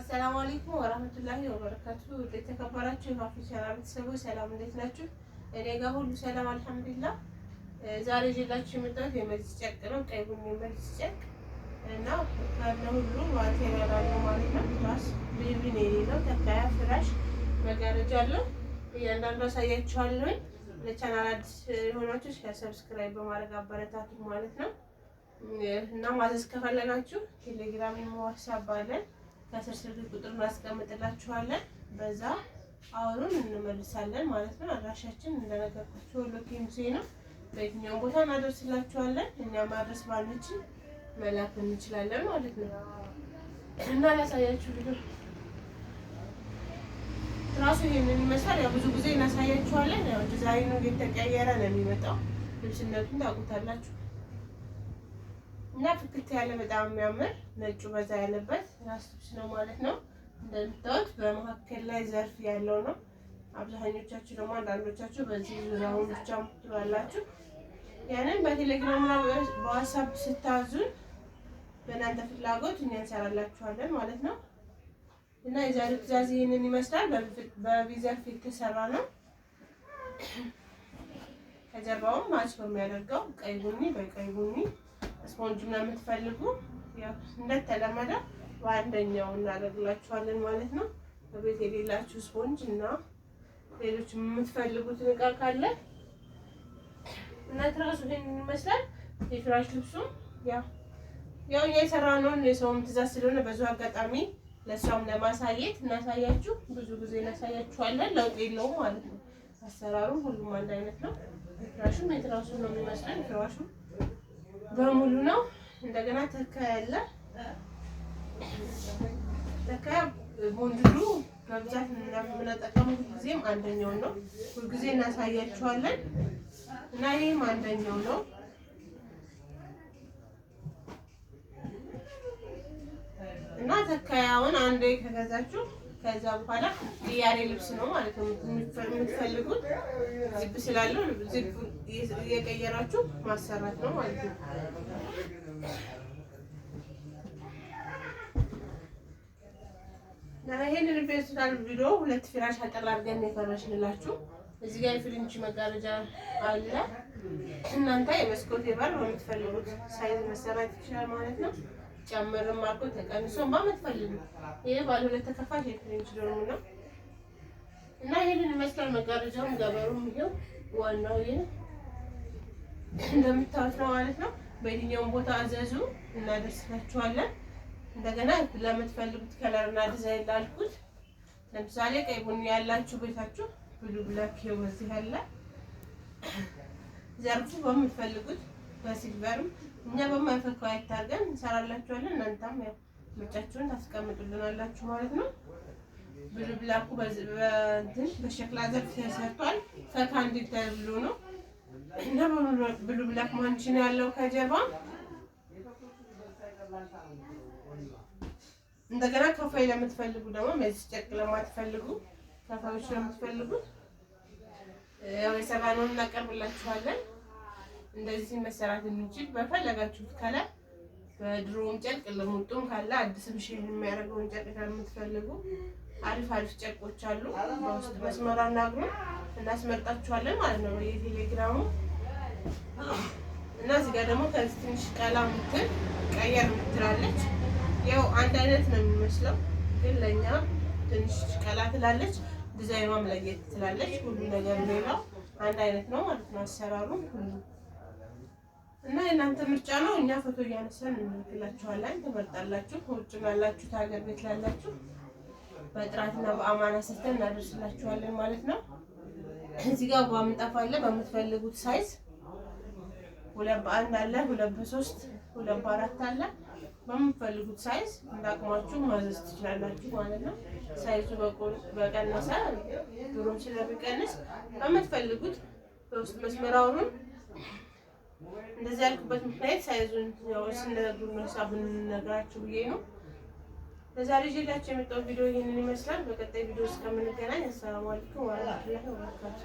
አሰላሙ አለይኩም ወራህመቱላሂ ወበረካቱ። የተከበራችሁ ቻናል ቤተሰቦች ሰላም፣ እንዴት ናችሁ? እኔ ጋር ሁሉ ሰላም አልሐምዱሊላህ። ዛሬ ይዤላችሁ የመጣሁት የመልስ ጨርቅ ነው። ቀይ ቡኒ መልስ ጨርቅ እና ካለ ሁሉ ማለት ነው ማለት ነው። ትራስ ቤቢ የሌለው ተካያ ፍራሽ መጋረጃ አለው። እያንዳንዱ አሳያችኋለሁ። ለቻናል አዲስ የሆናችሁ ሼር፣ ሰብስክራይብ በማድረግ አበረታቱ ማለት ነው እና ማዘዝ ከፈለጋችሁ ቴሌግራም፣ ዋትስአፕ አለን ከስር ስልክ ቁጥር እናስቀምጥላችኋለን። በዛ አሁኑን እንመልሳለን ማለት ነው። አድራሻችን እንደነገርኳችሁ ወሎ ኬሚሴ ነው። በየትኛውም ቦታ እናደርስላችኋለን። እኛ ማድረስ ባንችል መላክ እንችላለን ማለት ነው። እና ላሳያችሁ ልጆች ራሱ ይሄንን ይመስላል። ያው ብዙ ጊዜ እናሳያችኋለን። ያው ዲዛይኑ እየተቀየረ ነው የሚመጣው። ልብስነቱን ታውቁታላችሁ። እና ፍክት ያለ በጣም የሚያምር ነጩ በዛ ያለበት ራስቶች ነው ማለት ነው። እንደምታዩት በመካከል ላይ ዘርፍ ያለው ነው። አብዛኞቻችሁ ደግሞ አንዳንዶቻችሁ በዚህ ዙሪያውን ብቻ ትላላችሁ። ያንን በቴሌግራምና በዋትሳፕ ስታዙን በእናንተ ፍላጎት እኛ እንሰራላችኋለን ማለት ነው። እና የዛሬው ትዕዛዝ ይህንን ይመስላል። በቪ የተሰራ ነው። ከጀርባውም ማች የሚያደርገው ቀይ ቡኒ በቀይ ቡኒ ስፖንጅ ምናምን የምትፈልጉ እንደተለመደ በአንደኛው እናደርግላችኋለን ማለት ነው። በቤት የሌላችሁ ስፖንጅ እና ሌሎች የምትፈልጉት እቃ ካለ እና ትራሱ ይሄንን ይመስላል። የፍራሽ ልብሱም ያው የሰራነውን የሰውም ትእዛዝ ስለሆነ በዙ አጋጣሚ ለእሷም ለማሳየት እናሳያችሁ። ብዙ ጊዜ እናሳያችኋለን። ለውጥ የለውም ማለት ነው። አሰራሩ ሁሉም አንድ አይነት ነው። ፍራሹም የትራሱ ነው የሚመስለን ፍራሹም በሙሉ ነው። እንደገና ተካ ያለ ተካ ቦንድሉ በብዛት የምንጠቀመው ሁልጊዜም አንደኛው ነው። ሁልጊዜ እናሳያችኋለን እና ይህም አንደኛው ነው። እና ተካያውን አንዴ ከገዛችሁ ከዛ በኋላ የያሬ ልብስ ነው ማለት ነው የምትፈልጉት። ዝብ ስላለው ዝብ የቀየራችሁ ማሰራት ነው ማለት ነው። ይሄንን ቤቱታል ቪዲዮ ሁለት ፍራሽ አጠር አድርገን የፈረሽንላችሁ። እዚህ ጋር የፍሪንጅ መጋረጃ አለ። እናንተ የመስኮት የበር የምትፈልጉት ሳይዝ መሰራት ይችላል ማለት ነው። ጨምርም አልኩ ተቀንሶ ማመት ፈልግ ይሄ ባለ ሁለት ተከፋሽ የፍሬንች ዶርም ነው እና ይሄንን ይመስላል። መጋረጃውም ገበሩም ይሄው ዋናው ይሄ እንደምታዩት ነው ማለት ነው። በየትኛውም ቦታ አዘዙ እናደርስላችኋለን። እንደገና ለምትፈልጉት እና ዲዛይን ላልኩት ለምሳሌ ቀይ ቡኒ ያላችሁ ቤታችሁ ብሉ ብላክ በዚህ ያለ ዘርፉ በምትፈልጉት በሲልቨርም እኛ በማይፈካው አይታርገን እንሰራላችኋለን። እናንተም ያው ምርጫችሁን ታስቀምጡልናላችሁ ማለት ነው። ብሉ ብላኩ በእንትን በሸክላ ዘርፍ ተሰርቷል። ፈካ እንዲል ተብሎ ነው እና ብሉ ብላክ ማንች ነው ያለው ከጀርባ እንደገና ከፋይ ለምትፈልጉ ደግሞ መዚህ ጨቅ ለማትፈልጉ ከፋዮች ለምትፈልጉ ያው የሰራነውን እናቀርብላችኋለን። እንደዚህ መሰራት እንችል በፈለጋችሁት ከላይ በድሮውም ጨርቅ ለሙጡም ካለ አዲስም ሼር የሚያደርገውን ጨርቅ ከምትፈልጉ አሪፍ አሪፍ ጨርቆች አሉ። በውስጥ መስመር አናግሩ እናስመርጣችኋለን ማለት ነው በየቴሌግራሙ እና እዚህ ጋር ደግሞ ከዚህ ትንሽ ቀላ ምትል ቀየር ምትላለች። ያው አንድ አይነት ነው የሚመስለው፣ ግን ለእኛ ትንሽ ቀላ ትላለች። ዲዛይኗም ለየት ትላለች። ሁሉ ነገር ሌላው አንድ አይነት ነው ማለት ነው አሰራሩ እና የእናንተ ምርጫ ነው። እኛ ፎቶ እያነሳን እንልክላችኋለን፣ ትመርጣላችሁ። ከውጭ ላላችሁት ሀገር ቤት ላላችሁ በጥራትና በአማና ሰርተን እናደርስላችኋለን ማለት ነው። እዚህ ጋር በምንጠፋ አለ በምትፈልጉት ሳይዝ ሁለት በአንድ አለ፣ ሁለት በሶስት ሁለት በአራት አለ። በምትፈልጉት ሳይዝ እንዳቅማችሁ ማዘዝ ትችላላችሁ ማለት ነው። ሳይዙ በቀነሰ ድሮም ስለሚቀንስ በምትፈልጉት በውስጥ መስመር አውሩን እንደዚህ ያልኩበት ምክንያት ሳይዙን ያው ስነግሩ ሀሳቡን እንነግራችሁ ብዬ ነው። ለዛሬ ይዤላችሁ የመጣው ቪዲዮ ይህንን ይመስላል። በቀጣይ ቪዲዮ እስከምንገናኝ አሰላሙ አለይኩም ወረህመቱላሂ ወበረካቱ።